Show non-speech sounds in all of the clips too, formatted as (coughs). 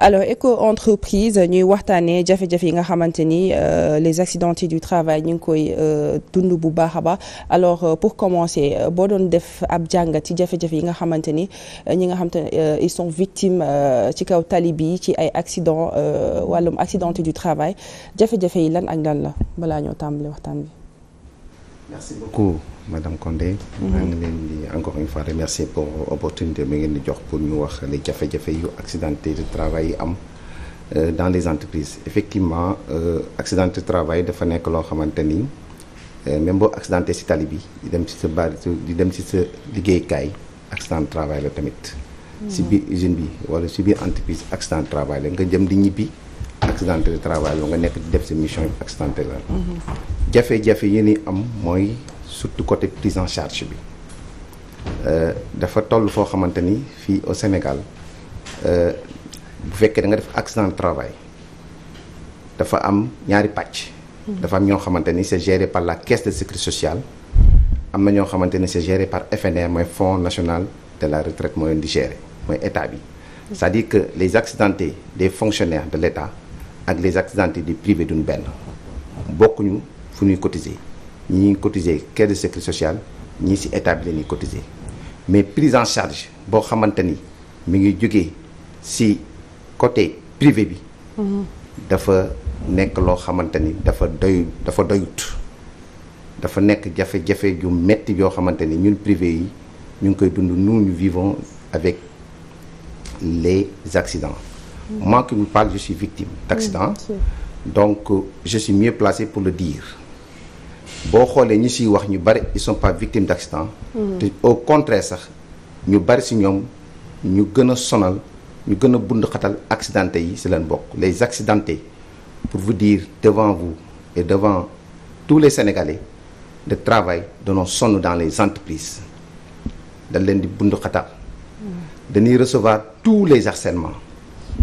alors éco entreprise ñuy waxtaanee jafe-jafe yi nga xamante ni euh, les accidentés du travail ñu ngi koy euh, dund bu baax a baax alors euh, pour commencer boo doon def ab jàngat ci jafe-jafe yi nga xamante ni ñi nga xam ne ils sont victimes ci kaw tali bi ci ay accident wàllum accidenté du travail jafe-jafe yi lan ak lan la balaa ñoo tàmbali waxtaan bi. madame Condé. Mhm. maa ngi leen di encore une pour opportunité bi ngeen di jox pour ñu wax les jafe-jafe yu accidenté de travail yi am euh, dans les entreprises effectivement euh, accidenté de travail dafa nekk loo xamante ni euh, même boo accidenté ci tali bi di dem ci sa bari di dem ci sa liggéeykaay accident de travail la tamit. Mhm. ci biir usine bi wala ci biir entreprise accident de travail la nga jëm di ñibbi. accidenté de travail la nga nekk di def sa mission accidenté la. Mhm. surtout côté prise en charge bi euh, dafa toll foo xamante ni fii au Sénégal euh, bu fekkee da nga def accident de travail dafa am ñaari pàcc. dafa am ñoo xamante ni c'est géré par la caisse de sécurité sociale am na ñoo xamante ni c'est géré par FNR mooy fonds national de la retraite moo leen di gérer mooy état bi. c'est-à-dire que les accidentés des fonctionnaires de l'État ak les accidentés du privé duñ benn bokkuñu fu ñuy cotiser. ñi ngi cotiser caisse social ñi sociale ñii si état bi la ñuy mais prise en charge boo xamante ni mi ngi jógee si côté privé bi. Mhm. dafa nekk loo xamante ni dafa doy dafa doyut. dafa nekk jafe-jafe ju metti joo xamante ni ñun privé yi ñu ngi koy dund nous nous vivons avec les accidents. Mhm. moi qui vous parle je victime d'accident. Mhm, donc euh, je suis mieux placé pour le dire. boo xoolee ñi si wax ñu bari ils sont pas victimes d'accident hmm. te au contraire sax ñu bari si ñoom ñu gën a sonal ñu gën a bund xatal accidenté yi si leen bokk les accidentés pour vous dire devant vous et devant tous les Sénégalais de travail danoo sonn dans les entreprises dañ leen di bund xatal hmm. dañuy recevoir tous les harcèlements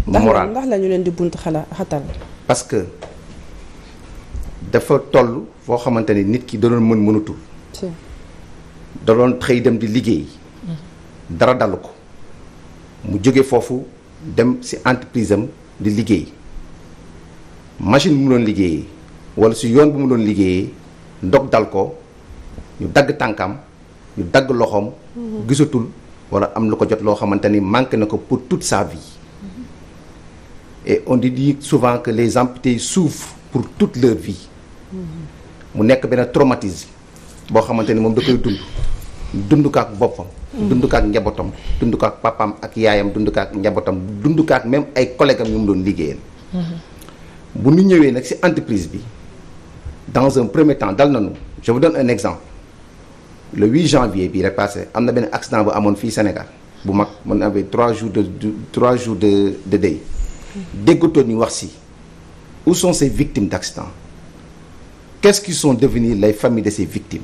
moral ndax la ñu leen di bunt xala que dafa toll foo xamante ni nit ki da mën mënatul daloon doon xëy dem di liggéey mm. dara dalu ko mu jóge foofu dem ci entreprise am di liggéey machine bi mu doon liggéeyee walla ci yoon bi mu doon liggéeyee ndog dal ko ñu dagg tànkam ñu dagg loxoom mm-hmm. gisatul walla am lu ko jot loo xamante ni manqué na ko pour tout sa vie mm-hmm. et on dit souvent que les amputés suuf pour toute leur vie. mu nekk benn traumatisme boo xamante ni moom da dund dund ko ak boppam. dund ko ak njabootam dund ko ak papaam ak yaayam dund ko ak njabootam dund ko ak même ay collègues am doon liggéeyal. bu ñëwee nag ci entreprise bi dans un premier temps dal nañu je vous donne bii rek passé am na benn accident bu amoon fii Sénégal bu mag man avait trois jours de trois jours de de deuil déggatoon wax si Où sont ces victimes d'accidents Qu'est-ce qui sont devenus les familles de ces victimes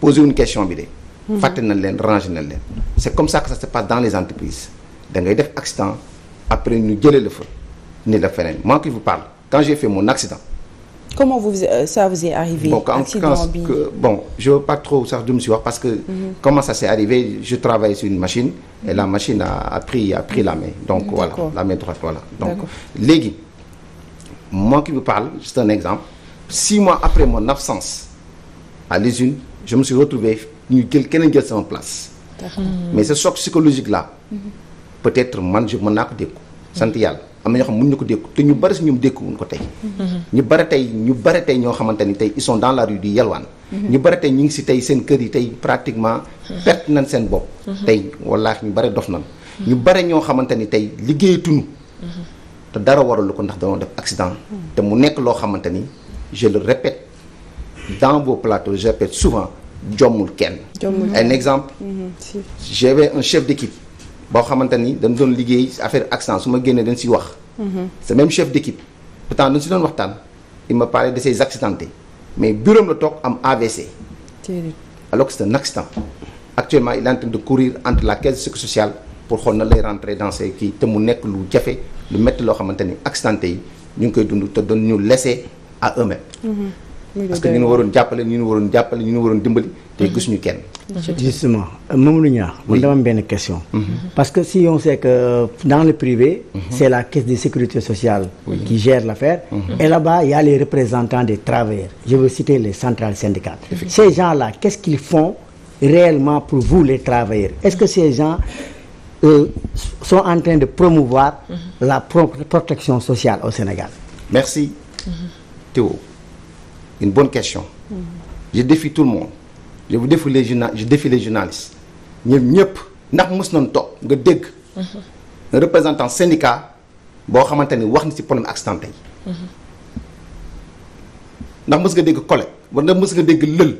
Posez une question bi de. Mhm. fàtte nañ leen rangé nañ leen. c'est comme ça que ça se passe dans les entreprises da ngay def accident après ñu jëlee la fa ni la feneen moi qui vous parle quand j'ai fait mon accident. comment vous euh, ça vous est arrivé. Bon, quand, accident quand, je pas trop sax du mu parce que. Mm -hmm. comment ça s'est arrivé je travaille sur une machine. et la mhm. machine a, a pris la main. donc voilà moi qui vous parle c'est un exemple six mois après mon absence à l'usine je me suis retrouvé ñu jël keneen jël sama place mais ce choc psychologique là peut-être man je mën naa ko dékku sant yàlla am na ñoo xam ne ñu ko dékku te ñu bari si ñoom wuñ ko tey mhm. ñu bari tey ñu bari tey ñoo xamante ni tey ils sont dans la rue di yalwaan mhm. ñu bari tey ñu ngi si tey seen kër yi tey pratiquement mhm. perte nañ seen bopp tey wallaahi ñu bari dof na ñu bari ñoo xamante ni tey liggéeyatuñu te dara waralu ko ndax dañoo def accident. te mu nekk loo xamante ni je le répète dans vos plateaux je répète souvent jommul kenn. un exemple. Mhm, j'avais un chef d'équipe boo xamante ni dañ doon liggéey affaire accident su ma génnee dañ si wax. Mhm. ce même chef d'équipe pourtant dañ si doon waxtaan il m'a parlé de ses accidentés mais bureau la toog am AVC. alors que c'est un accident actuellement il est de courir entre la caisse de sociale. pour xool na lay rentrer dans ces kii te mu nekk lu jafe lu métti loo xamante ni accidenté yi ñu ngi koy dund te doon ñu laisser à eux-mêmes. parce que si on sait que euh, dans le privé. Mhm. c'est la caisse de sécurité sociale. qui gère l'affaire. Mhm. là-bas il y a les représentants des travailleurs. je veux citer les centrales syndicales. ces gens-là qu'est-ce qu'ils font réellement pour vous les travailleurs est-ce que ces gens euh, sont en train de promouvoir mm -hmm. la pro protection sociale au Sénégal. Merci. Mm une bonne question. Mm -hmm. Je défie tout le monde. Je vous défie les journal je ndax mës nañ toog nga dégg. Mm-hmm. un représentant syndicat boo xamante ni wax ni ci problème accidenté yi. Mm-hmm. ndax mës nga dégg collègue war nga mës dégg lël.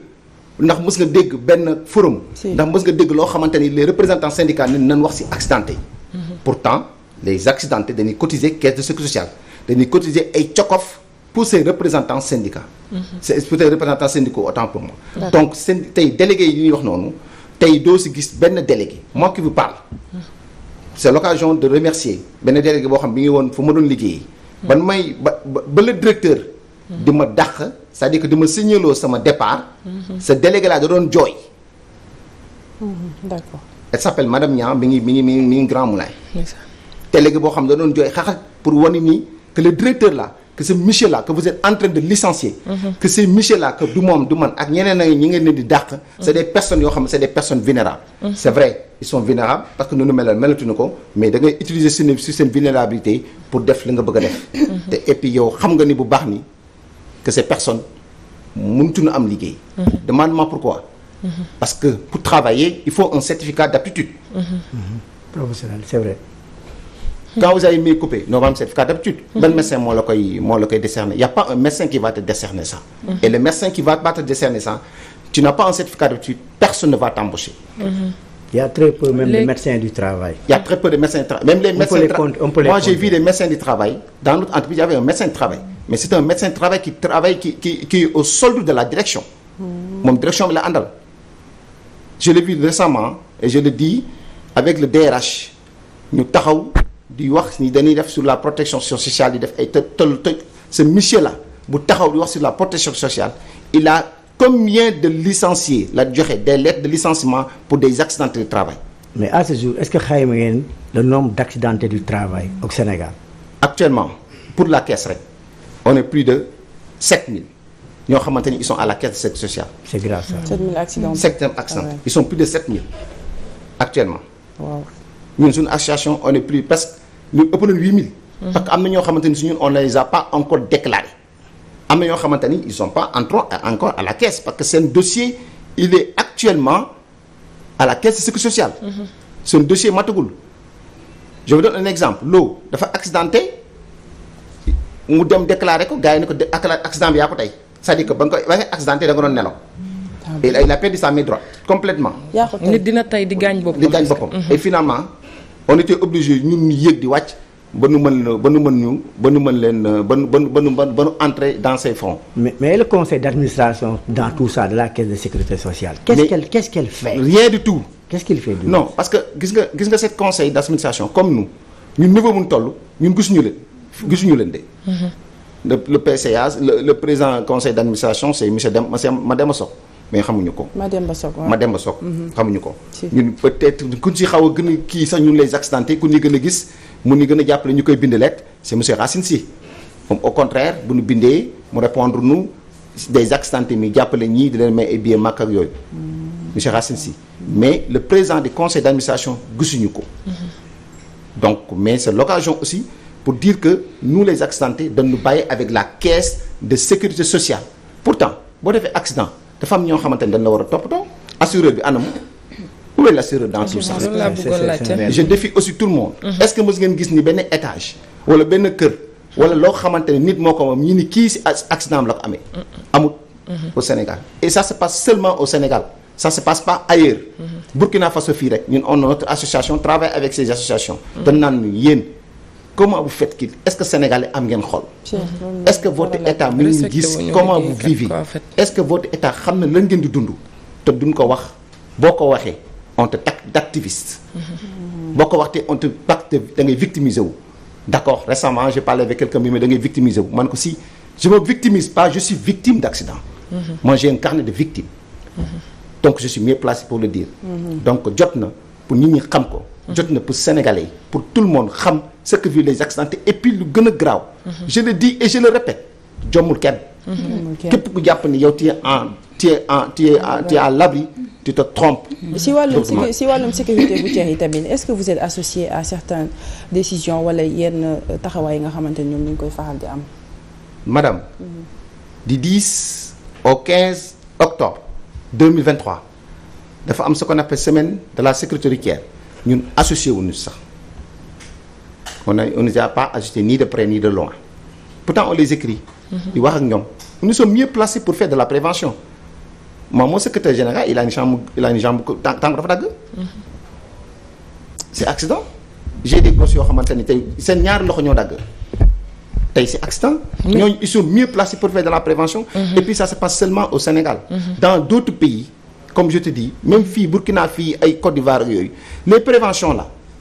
ndax mës nga dégg benn forum. ndax mës nga dégg loo xamante ni les représentants syndicats ne nan wax ci accidenté yi. Mm-hmm. pourtant les accidentés dañuy cotiser caisse de sécurité sociale dañuy cotiser ay cokof pour ces représentants syndicats. Mm-hmm. c'est pour ces représentants syndicaux autant pour moi. donc seen tey délégués yi ñuy wax noonu tey doo si gis benn délégué moi qui vous parle. Mm-hmm. c'est l'occasion de remercier benn délégué boo xam bi ngi woon fu ma doon liggéeyee. ban may ba ba le sa à dire que dama signaloo sama départ. sa mhm. délégué laa da doon jooy. Mhm, d'accord. elle s'appelle madame mi ngi mi ngi mi ngi Grand Moulin. délégué boo xam da doon jooy xaxat pour wane ni que le directeur là que ce monsieur là que vous êtes en de licencier. Mhm. que ce monsieur là que du moom du man ak ñeneen ak ñi ngeen di dàq. c'est des personnes yoo xam ne c'est des personnes vulnérables. c'est vrai ils sont vulnérables parce que noonu melal melatuñu ko mais da utiliser a def. te nga ni bu baax ni. que ces personnes mënutuñu am liggéey. Mhm. demande-moi pourquoi. Mhm. parce que pour travailler il faut un certificat d'aptitude. Mhm. professionnel c'est vrai. quand vous avez myocopie noo am certificat d'aptitude. ban médecin moo la koy moo la koy a pas un médecin qui va te décerner ça. et le médecin qui va te décerner ça tu n'as pas un certificat d'aptitude personne ne va t'embaucher. Il a très peu de médecins du travail. a Même les médecins du travail. Dans notre mais c'est un médecin de travail qui travaille qui au solde de la direction. moom direction bi la àndal. je l'ai vu récemment et je le dis avec le DRH ñu taxaw di wax ni dañuy def sur la protection sociale di def ay të tël tëj ce monsieur là bu taxaw di wax sur la protection sociale il a combien de licenciés la joxe des lettres de licenciement pour des accidentés du travail. mais à ce jour est-ce que xayma ngeen le nombre d'accidentés du travail au Sénégal. actuellement pour la caisse rek. on est plus de 7000 ñoo xamante ni ils à la caisse de sécurité sociale. c'est grave ça. 7000 accidents. 7000 accidents ils sont plus de 7000 actuellement. ñun suñu association on est plus presque ñu ëpp nañu 8000. Mm-hmm. parce que am na ñoo xamante ni si ñun on ne les a pas encore déclarés. am na ñoo xamante ni ils sont pas entrant encore à la caisse parce que seen dossier il est actuellement à la caisse de sécurité sociale. Mm-hmm. seen dossier matagul. je vous donne un exemple mu dem déclaré ko gars yi ne ko accident bi yaa ko tey c'est-à-dire que ba nga koy ba nga accidenté da nga doon nelaw. il a perdu sa main droite complètement. nit dina tey di gaañ boppam. di gaañ boppam mm-hmm. et finalement on était obligé ñun ñu di wàcc. ba nu mën ba nu mën ba nu mën leen ba nu ba nu ba nu entrer dans ces fonds. mais mais le conseil d'administration dans tout ça de la caisse de sécurité sociale. qu'est-ce qu'elle qu'est-ce qu'elle rien du tout. qu'est-ce qu'il fait non parce que gis nga gis nga cet conseil d'administration comme nous ñun niveau mun gisuñu leen de. le le PCA le président conseil d' administration c' est monsieur Dem Mademba Sock mais xamuñu ko. Mademba Sock waaw Mademba Sock. Mhm. xamuñu ko. ñun peut être si xaw a gën a kii sax ñun ñu gën a gis mu ñu gën a koy bind lettre c' est monsieur Racine Sy moom au contraire bindee mu répondre nu des accidentés mi jàppale ñii di leen may ay billets màkk ak yooyu. Mm. monsieur Racine Sy mais le président du conseil d' gisuñu ko. Mm-hmm. donc mais c' occasion aussi. pour dire que nous les accidentés dañu bàyyi avec la caisse de sécurité sociale pourtant boo defee accident dafa am ñoo xamante ne dañ la war a toppatoo assureur bi anam où est l'assureur dans tout ça je défie aussi tout le monde mhm. est-ce que mos loo xamante ne nit moo ko moom ñi ni kii si accident bi la ko amee mhm. amut mhm. au Sénégal et ça se passe seulement au Sénégal ça se passe pas ailleurs Burkina Faso fii rek ñun on notre association travaille avec ces comment vous faites kii est-ce am ngeen xol est-ce état mi ngi gis comment vous vivez est-ce état xam na lan ngeen dund te duñ ko wax boo ko waxee on te taxe d'activiste mm-hmm. boo ko waxtee on te taxe da ngay victimiser wu d'accord récemment j'ai parlé avec quelqu'un bi mais da ngay man ko si je me victimise pas je suis victime d'accident mm-hmm. moi un carnet de victimes mm-hmm. donc je suis mieux placé pour le dire donc jot na pour nit ñi xam ko jot na pour circulent les accidentés et puis lu gën a graaw je le dis et je le répète jommul kenn képp ku jàpp ni yow tu en tu en tu es à l'abri tu te si wàll si wàllum sécurité routière yi tamit est-ce que vous êtes associé à certaines décisions wala yenn euh, taxawaay yi nga xamante ni ñoom ñu ngi koy faral di am. madame. Mm-hmm. du 10 au 15 octobre 2023 dafa am ce qu'on appelle semaine de la sécurité routière ñun associé wuñu sax. on a on ne nous a pas ajouté ni de près ni de loin pourtant on les écrit. Mhm. di wax ak ñoom nous sommes mieux placés pour faire de la prévention moom mon secrétaire général il a une jambe il a une jambe tànk dafa dagg. Mhm. c'est accident j'ai des gosses yoo xamante ni tey seen ñaari loxo ñoo dagg. tey c'est accident. ñooñu ils mieux placés pour faire de la prévention. Mmh. et puis ça se passe seulement au Sénégal. Mmh. dans d'autres pays comme je te dis même fii Burkina fii ay Côte d'Ivoire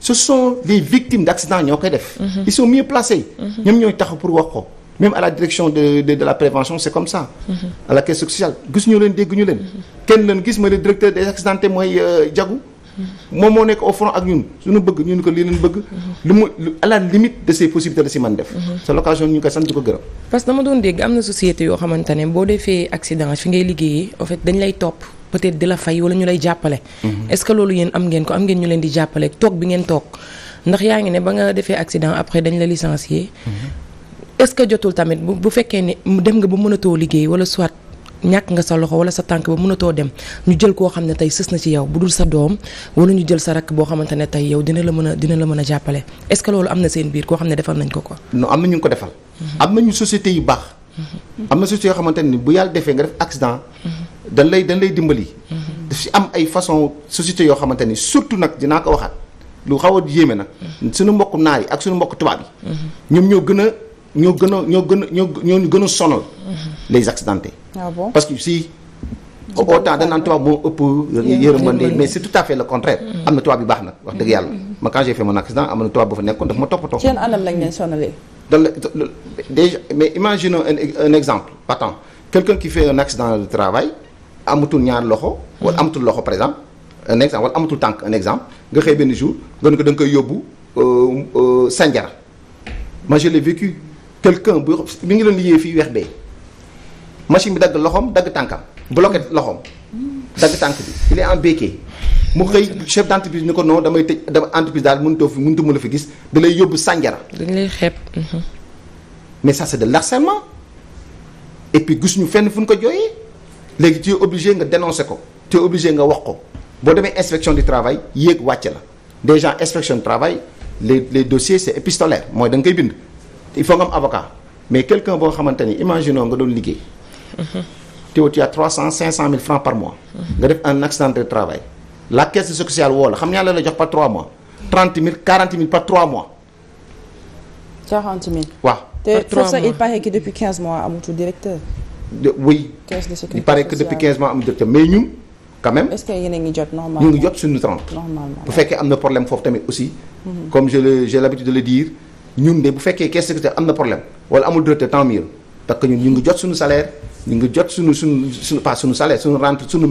ce sont les victimes d' accident ñoo koy def. Mhm. ils sont mieux placés. Mhm. ñoom ñooy taxaw pour wax ko. même à la direction de de la prévention c' comme ça. Mhm. à la caisse gis ñu leen dégg ñu leen. kenn leen gis ma le directeur des accidentés mooy jagu. Euh, moom moo nekk au ak ñun suñu bëgg ñun ko lii leen bëgg. lu mu à la limite de ses possibilités la si mën def. sa location ñu ngi koy sant ko gërëm. parce dama doon dégg am na société yoo xamante boo defee peut-être di la fay wala ñu lay jàppale. Mhm. est-ce que loolu yéen am ngeen ko am ngeen ñu leen di jàppale toog bi ngeen toog ndax yaa ngi ne ba nga defee accident après dañ la licencier. Mhm. est que jotul tamit bu bu fekkee ne dem nga ba mënatoo liggéey wala soit ñàkk nga sa loxo wala sa tànk ba mënatoo dem ñu jël koo xam ne tey sës na ci yow bu dul sa doom wala ñu jël sa rakk boo xamante ne tey yow dina la mën a dina la mën jàppale est-ce que loolu am na seen koo xam ne defal nañ ko ko. non am ko defal. Mhm. yu baax. am na société yoo xamante ne bu yàlla defee nga def accident. dañ lay dañ lay dimbali. daf si am ay façon société yoo xamante ni surtout nag dinaa ko waxaat lu xaw a yéeme nag. suñu mbokk naar yi ak suñu mbokk tubaab yi. ñoom ñoo gën a ñoo gën a ñoo gën a ñoo ñu gën a sonal. les accidentés. Ah bon? parce que si. autant dañ naan tubaab moo baax nag wax dëgg yàlla ma quand j'ai fait accident am na tubaab bu fa nekkoon daf ma toppatoo seen anam lañ leen sonalee dan déjà mais imaginons un, exemple patent quelqu'un qui fait un accident de travail amatul ñaar loxo. wala amatul loxo par exemple un exemple wala amatul tànk un exemple nga xëy benn jour nga ne ko da koy yóbbu euh, euh, Sandiara ma je l'ai vécu quelqu'un bu mi ngi doon liggéey fii weex bee machine bi dagg loxoom dagg tànkam bloqué loxoom dagg tànk bi il est en béquille mu xëy chef d' entreprise ni ko non damay tëj dama entreprise daal mënutoo fi ma la fa gis dalay yóbbu Sandiara. dañ lay xeeb. mais sa c' est de l' et puis gis ñu fenn fu ñu ko jooyee. léegi tu es obligé nga dénoncer ko tu es obligé nga wax ko boo demee inspection du travail yéeg wàcc la déjà inspection du travail les les dossiers c'est épistolaire mooy da nga koy bind il faut nga am avocat mais quelqu'un boo xamante ni imaginons nga doon liggéey mhm. te tu as 300 500 000 francs par mois nga def un accident de travail la caisse sociale woo la xam ñaa la la jox par 3 mois 30 000 40 000 par 3 mois 40 000 waaw te foofu sax mois amutul oui. caisse que depuis 15 mois am a ngi jot normalement ñu ngi jot suñu 30. normalement bu fekkee am na problème foofu tamit aussi. Mhm. comme je le de le dire ñu ngi jot suñu salaire ñu ngi jot suñu suñu suñu pas suñu salaire suñu rente suñu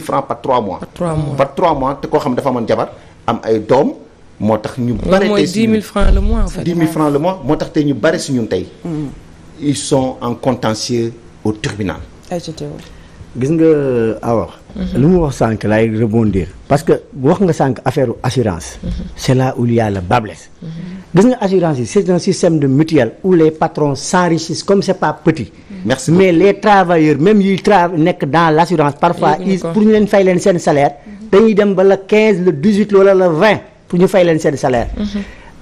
francs par 3 mois. te koo xam dafa amoon jabar am ay doom. moo tax ñu bare tey si francs le mois moo tax tey ñu bare si tey. Mm. ils sont en contentieux gis nga awa mhm. lu mu wax sànq laay rebondir parce que wax nga sànq affaire assurance. Mhm. c' la là où il a le bât blesse. Mhm. gis nga assurance yi c' un système de mutuelle où les patrons s'enrichissent comme c' est pas petit. merci mais les travailleurs même yuy tra nekk dans l' assurance parfois ils pour ñu leen fay leen seen salaire. dañuy dem ba le 15 le 18 wala le 20 pour ñu fay leen seen salaire.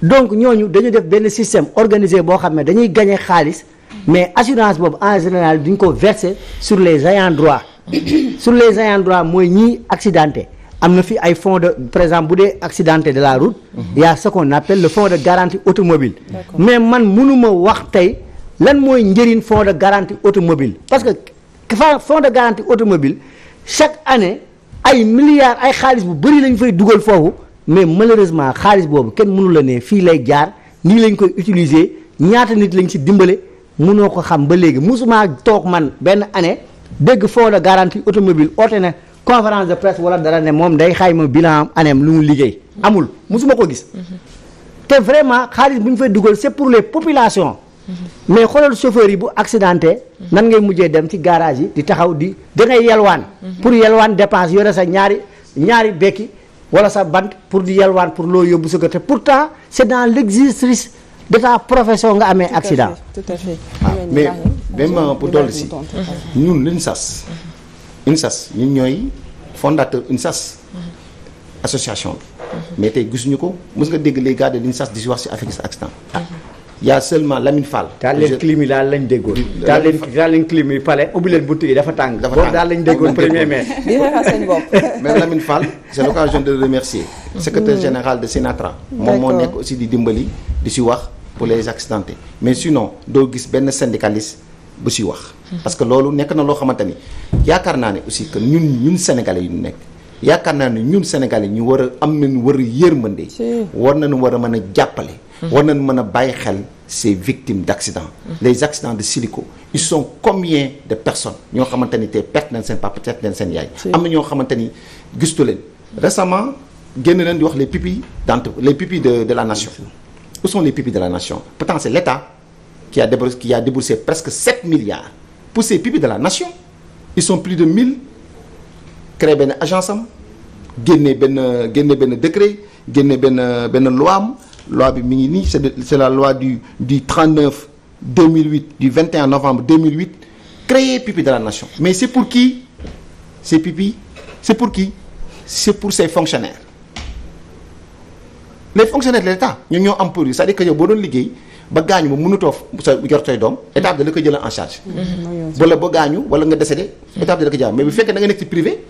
donc ñooñu dañu def benn système organisé boo xam ne dañuy gagné xaalis. mais assurance boobu en général duñ ko verser sur les ayants droit (coughs) sur les ayants mooy ñii accidenté am na fi ay fonds de par exemple bu dee accidente de la route mhm. y a ce qu'on appelle le fonds de garantie automobile mais man mënuma wax tey lan mooy njëriñ fonds de garantie automobile parce que fonds de garantie automobile chaque année ay milliards ay xaalis bu bëri lañ fay dugal foofu mais malheureusement xaalis boobu kenn mënu la ne fii lay jaar nii lañ koy utiliser ñaata nit lañ ci dimbale munoo ko xam ba léegi musuma toog man benn année dégg fond de garantie automobile oote na conférence de presse wala dara ne moom day xayma bilan anem lu mu liggéey amul musuma ko gis te vraiment xaalis bu ñu fay dugal c'est pour les populations mais xoolal chauffeur yi bu accidenté nan ngay mujjee dem ci garage yi di taxaw di da ngay yelwaan pour yelwaan dépense yore sa ñaari ñaari bekki wala sa bant pour di yelwaan pour loo yóbbu sa kër te pourtant c'est de profession nga amee accident. tout à fait waaw ah, mais même pour dolli si ñun l'UNSAS. UNSAS ñun ñooy fondateur UNSAS. association bi. Mhm. mais tey gisuñu ko mës nga dégg les gars de l'UNSAS di si wax si affaire yi accident. Ah, y' a seulement Lamine Fall. taal leen clim yi daal lañ déggoon. taal leen taal leen clim yi pale ubbi leen bunt yi dafa tàng. dafa tàng daal lañ déggoon premier mai. di xeexal seen bopp. (laughs) mais Lamine Fall c' l' occasion de remercier. Mhm. secrétaire général de Sénatra. moom moo nekk aussi di dimbali di si wax. pour les accidentés mais sinon doo gis benn syndicaliste bu si wax. parce que loolu nekk na loo xamante ni yaakaar naa ne aussi que ñun ñun yi yu nekk yaakaar naa ne ñun sénégalais ñu war a am nañu war a yërmande. war nañu war a mën a jàppale. Hmm. war na nañu mën a bàyyi xel ces victimes d' accident. Hmm. les accidents de silico ils sont combien de personnes ñoo xamante ni tey perte nañ seen papa perte nañ seen yaay. am na ñoo xamante ni gistu leen récemment génn leen di wax les pupilles d' entre les de de la nation. Où sont les pupilles de la nation Pourtant, c'est l'État qui a, déboursé, presque 7 milliards pour ces pupilles de la nation. Ils sont plus de 1000 créé benn agence am génne benn génne benn décret génne benn benn loi am loi bi mi ngi nii c'est c'est la loi du du 39 2008 du 21 novembre 2008 créer pupille de la nation mais c'est pour qui ces pupilles c'est pour qui c'est pour ces fonctionnaires les fonctionnaires de l'état ñun ñoo am produit c'est-à-dire yow boo doon liggéey ba gaañu ba mënutoo sa yor say doom mm-hmm. état da la ko jël en charge mm-hmm. Mm-hmm. wala ba gaañu wala nga décédé état bi da la ko jàpp mais bu fekkee da nekk ci privé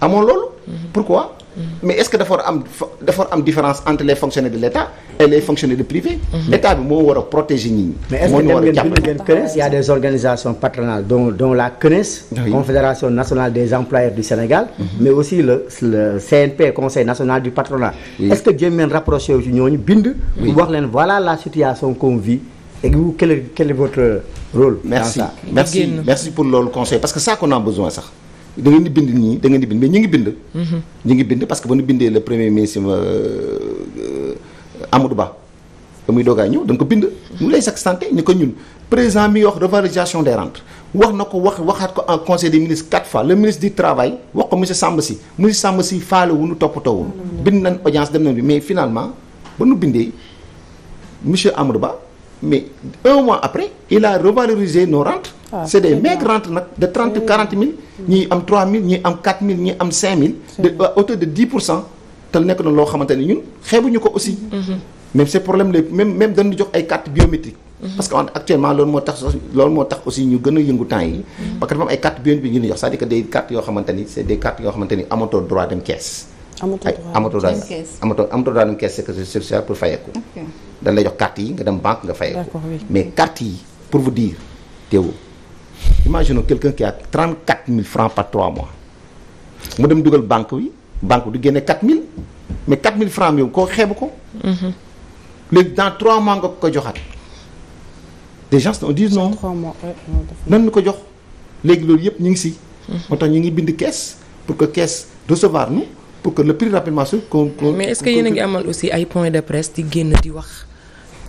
amoon loolu pourquoi mais est-ce que dafa war am dafa war am différence entre les fonctionnaires de l'État et les fonctionnaires de privé. Mhm. État bi moo war a protéger nit ñi. moo ñu war a jàppale mais est-ce que dem ngeen CNES y a des organisations patronales dont dont la CNES. Confédération nationale des employeurs du Sénégal. Mhm. mais aussi le le CNP Conseil national du patronat. est-ce que jéem ngeen rapproché wu ci ñooñu bind. wax leen voilà la situation qu'on vit. et vous quel est quel est votre rôle. merci dans ça merci merci pour loolu conseil parce que ça qu'on a besoin sax. da ngeen di bind nii da ngeen di bind mais ñu ngi bind. Mhm. ñu ngi bind parce que ba ñu bindee le premier ministre euh, euh, Amadou Ba ba muy doogaa ñëw dañ ko bind. mu lay sax santé ni ko ñun président mi wax revalorisation des rentes wax na ko wax waxaat ko en conseil des ministres quatre fois le ministre du travail wax ko monsieur Samb si monsieur Samb si faale wu ñu toppatoo bind nañ audience dem nañ bi mais finalement ba nu bindee monsieur Amadou Ba mais un mois après il a revalorisé nos rentes. c'est des maigres rentes nag de trente quarante mille ñii am trois mille ñii am quatre mille de autour de dix pour cent te nekk na loo xamante ne ñun xeebuñu ko aussi mhm. Mhm. même ces problèmes les même même jox ay cartes biométriques mhm. parce que actuellement loolu moo tax loolu moo ñu gën a yëngu temps yi parce que ay cartes biométriques yu ñu jox cest yoo xamante c'est des cartes yoo xamante ni droit dem kees ay droit amatoo droit dem kees sécurité sociale imaginons quelqu'un qui a 34 000 francs par 3 mois mu dem dugal banque bi banque bi du génne 4 000 mais 4 000 francs yow koo xeebu ko. Mhm. léegi dans 3 mois nga ko joxaat. des gens on dit non 3 ko jox léegi loolu yëpp ñu ngi si. Mhm. moo tax ñu ngi bind caisse pour que caisse recevoir nous pour que le prix rapidement se. mais est-ce que yéen a ngi amal aussi ay point de presse di génn di wax.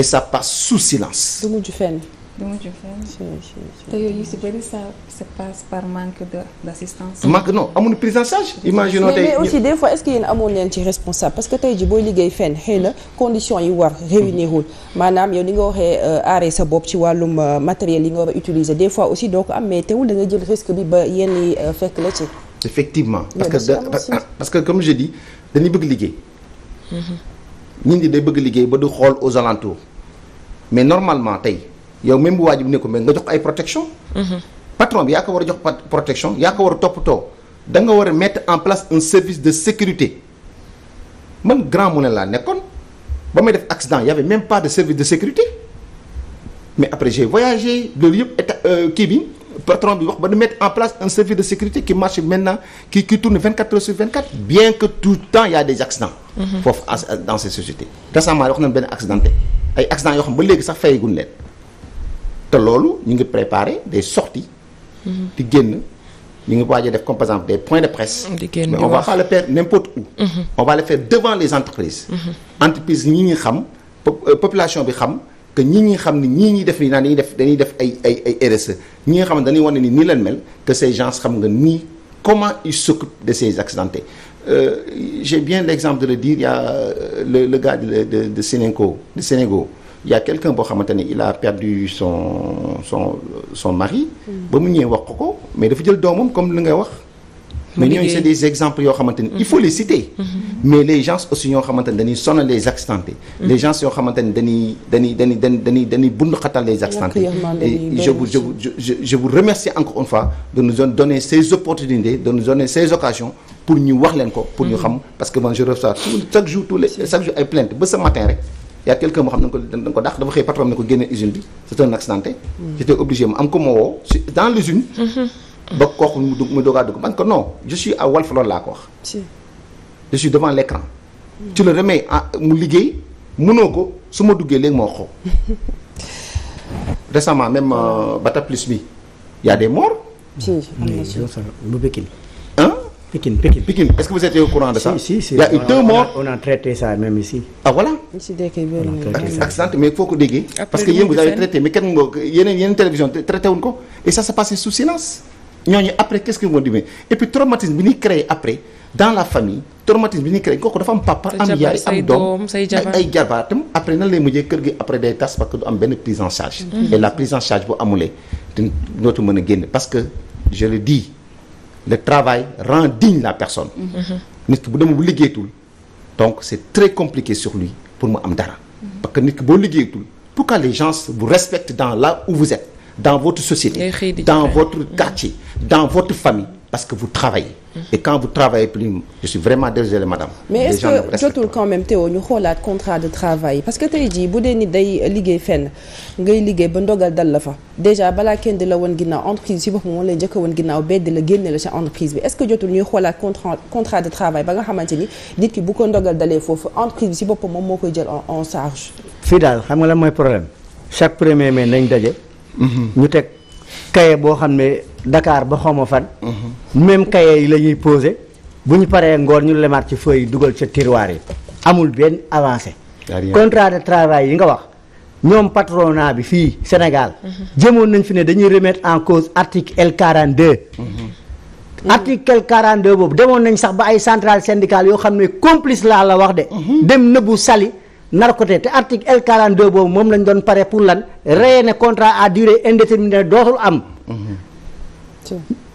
et ça passe sous silence. du mujj fenn. du mujj fenn. te yooyu si bëri ça passe par manque de d'assistance. manque non amuñu prise en charge. imaginons tey mais aussi des est amoon leen ci responsable parce que tey ji booy liggéey fenn xëy na conditions yi war réunir maanaam yow ni nga waxee euh, aaree sa bopp ci wàllum euh, matériel yi nga war a utiliser des fois aussi doo ko am mais teewul da nga jël risque bi ba yenn euh, fekk la ci. effectivement parce que parce que comme je dis dañuy bëgg ñu ngi day bëgg liggéey ba du xool aux alentours mais normalement tey yow même bu waajib ne ko mais nga jox ay protection mhm. patron bi yaa ko war a jox protection yaa ko war a toppatoo da nga war a mettre en place un service de sécurité man grand mu ne laa nekkoon ba may def accident ya avait même pas de service de sécurité mais après j'ai voyagé loolu yëpp état euh, kii bi patron bi wax ba de mettre en place un service de sécurité qui marche maintenant qui qui tourne 24 heures sur 24 bien que tout temps il a des accidents. Mhm. foofu euh, dans ces sociétés. récemment wax nañu benn accidenté ay accidents yoo xam ba léegi sax fayaguñ leen te loolu ñu ngi préparer des sorties mhm. di génn. ñu ngi waaj a def comme par exemple des points de presse. mais on va pas mhm. le faire devant les entreprises. entreprises ñi ñu xam euh, population bi xam. que ñi ñi xam ne ñii ñuy def li naa dañuy def dañuy def ay ay ay RSE ñi nga xam ne dañuy wane ni nii leen mel que ces xam nga nii comment ils s'occupent de ces accidentés euh, j'ai bien l'exemple de le dire il euh, le le gars de de de Sénégo de Sénégo il y a quelqu'un boo xamante ne il a perdu son son son mari. Mm. ba mu ñëwee wax ko ko mais dafa jël doomam comme li ngay wax. mais ñooñu c'est des exemples yoo xamante il faut les citer mm-hmm. Mm-hmm. mais les gens aussi ñoo xamante ni dañuy les accidentés mm-hmm. les gens yoo xamante ni dañuy dañuy les accidentés je vous je vous je encore une fois de donner ces opportunités de donner ces occasions pour ñu wax leen ko pour ñu xam parce que man je tout les chaque jour ay plaintes ba ce matin rek y a quelqu'un moo xam ne ko dàq dafa xëy patron ne ko génne usine bi c'est mm. ma am ko ma ba kooku mu dugg mu dogaa dugg man ko non je suis à Walf loolu laa ko wax je devant l'écran tu le remets mu liggéey mënoo ko su ma duggee léegi moo xoo (laughs) récemment même euh, Bataplus bi y a des morts si bu Pikine ah Pikine Pikine Pikine a eu deux morts a traité ça même ici ah mais foo ko déggee parce que yéen vous avez traité mais kenn yeneen yeneen télévision traité ko et ça se passait sous silence ñooñu après qu'est-ce que vont dire et puis traumatisme bi ñuy créé après dans la famille traumatisme bi ñuy créé kooku dafa am papa am yaay am doom ay jabar après nan lay mujjee kër gi après day tas parce que du am benn prise en charge mm-hmm. et la prise en charge bu amulee te dootu mën a génn parce que je le dis le travail rend digne la personne mm-hmm. nit ki bu demee bu liggéeyatul donc c'est très compliqué sur lui pour mu am dara mm-hmm. parce que nit ki boo liggéeyatul pour que les dans votre société dans votre mm. quartier dans votre famille parce que vous travaillez mm. et quand vous travaillez plus je suis jotul quand même Théo ñu xoolaat contrat de travail parce que tey jii bu dee nit day liggéey fenn ngay liggéey ba ndogal dal la fa déjà balaa kenn di la woon ginnaaw entreprise si boppam woon ginnaaw bedd la génne la ca entreprise bi est-ce ñuy xoolaat contrat contrat de travail ba nga xamante ni ki bu ko ndogal dalee foofu si boppam moom moo koy jël en charge fii daal xam nga lan mooy problème chaque premier mai nañ daje ñu teg kaye boo xam ne Dakar ba xawma fan même kaye yi la ñuy bu ñu paree ngoon ñu lemaat ci feuille yi dugal ca tiroir yi amul benn avancé contrat de travail yi nga wax ñoom patronat bi fii Sénégal jëmoon nañ fi ne dañuy remettre en cause article L42 article de boobu demoon nañ sax ba ay centrales syndicales yoo xam ne complice laa la wax de mhm. dem nëbbu sali narcoté te article L42 boobu moom lañu doon pare pour lan reye ne contrat à durée indéterminée dootul am.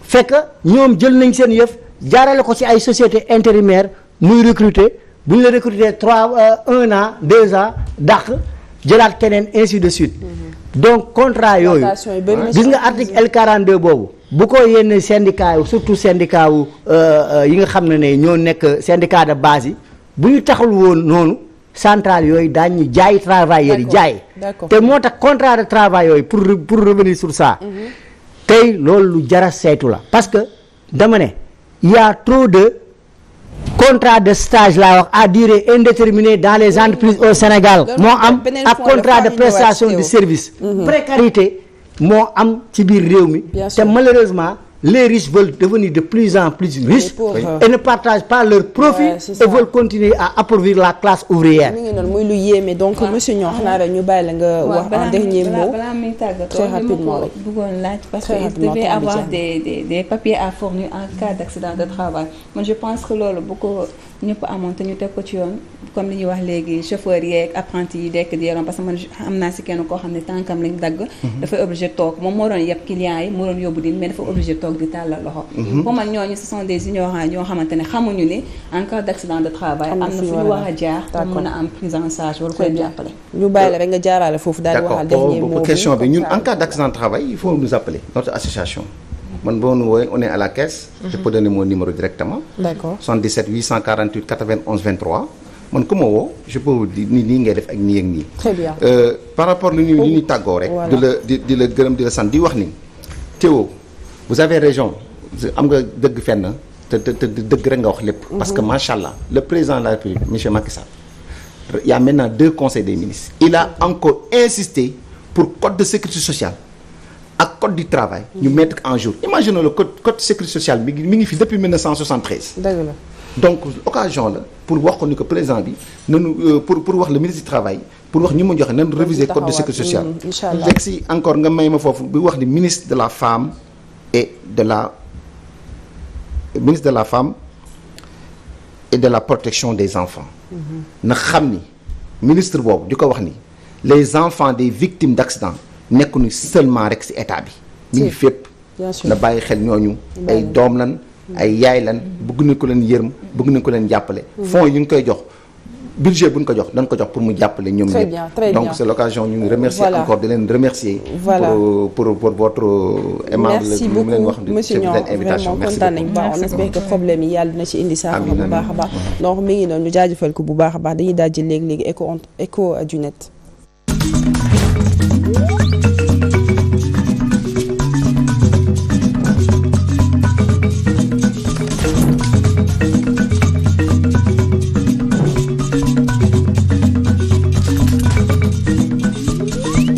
fekk ñoom jël nañ seen yëf jaarale ko ci ay société intérimaire muy recruter bu ñu la recruter trois euh, un an deux ans dàq jëlaat keneen ainsi de suite. Mm-hmm. donc contrat yooyu gis nga article L42 boobu bu ko yenn syndicat yu surtout syndicat wu euh, euh, yi nga xam ne ne ñoo nekk syndicat de base yi bu ñu taxul woon noonu centrale yooyu daañu jaay travailleurs yi jaay te moo tax contrat de travail yooyu pour pour revenir sur ça mhm. tey loolu lu jara saytu la parce que dama ne a trop de contrat de stage laa wax à durée indéterminée dans les entreprises au Sénégal moo am a contrat de prestation de service mhm. précarité moo am ci biir réew mi te malheureusement le riches veulent devenir de plus en plus riches oui. et ne partagent pas leurs profits et veulent continuer à appauvrir la classe ouvrière muy lu yéeme donc monsieur Niang xanaa rek ñu bàyyi la nga wax un dernier mot très rapidement rek bëggoon laaj parce que il devait avoir des papiers à fournir en cas d'accident de travail man je pense que loolu bu ko ñëpp amoon te ñu teg ko ci yoon comme li ñuy wax léegi chauffeur yeeg apprenti yi dekk di yaram parce que man am naa si kenn koo xam ne tànkam lañ dagg mhm. dafay obligé toog moom moo doon yëpp clients yi moo doon yóbbu di mais dafa obligé toog di tàllal loxo bo mhm. man ñooñu ce sont des ñoo xamante ne xamuñu ni en cas d' accident de travail am na fu ñu war a jaar pour mën a am prise en charge wala koy jàppale ñu bàyyi rek nga jaaraale foofu daal di waxal dernier bi ñun en cas d' accident de travail man boo nu woowee on est à la caisse. je mhm. peux donner mon numéro directement. d'accord 77 848 91 23. man ku ma woo je peux nii ngay def ak nii ak nii. Euh, par rapport lu ñu lu ñuy oh, tàggoo rek. di la di di la gërëm di la sant di wax ni. Théo vous avez région am nga dëgg fenn te te te dëgg rek nga wax lépp. parce que mhm. macha allah le président de la République monsieur Macky Sall. il y a maintenant deux conseils des ministres. il a encore insisté pour code de sécurité social ak code du travail. ñu mettre en jour imagine le code code sécurité sociale mi ngi mi ngi fi depuis 1973. dëgg la donc occasion la pour wax ko ni que président bi nanu euh, pour pour wax le ministre du pour wax ñu ma joxe nan réviser code de sécurité sociale. Mm, incha allah nga may ma foofu wax ni ministre de la femme et de la ministre de la femme et de la protection des enfants. Mm-hmm. na xam ni ministre boobu di ko wax ni les enfants des victimes d' accident. nekkuñu seulement rek si état bi. mi ngi fépp. na bàyyi xel ñooñu. ay doom lan mm. ay yaay lan bëgg nañ ko leen yërm bëgg nañ ko leen jàppale. Mm. fonds yu ngi koy jox. budget bu ñu ko jox dañ ko jox pour mu jàppale ñoom ñëpp donc c'est l'occasion ñu remercier voilà. encore di leen remercier voilà. pour, pour pour votre euh, aimable merci beaucoup monsieur Niang vraiment kontaan nañ baax on espère que problème yàlla na ci indi saafara bu baax a baax donc ko bu baax a baax dañuy daal di léegi léegi écho écho du net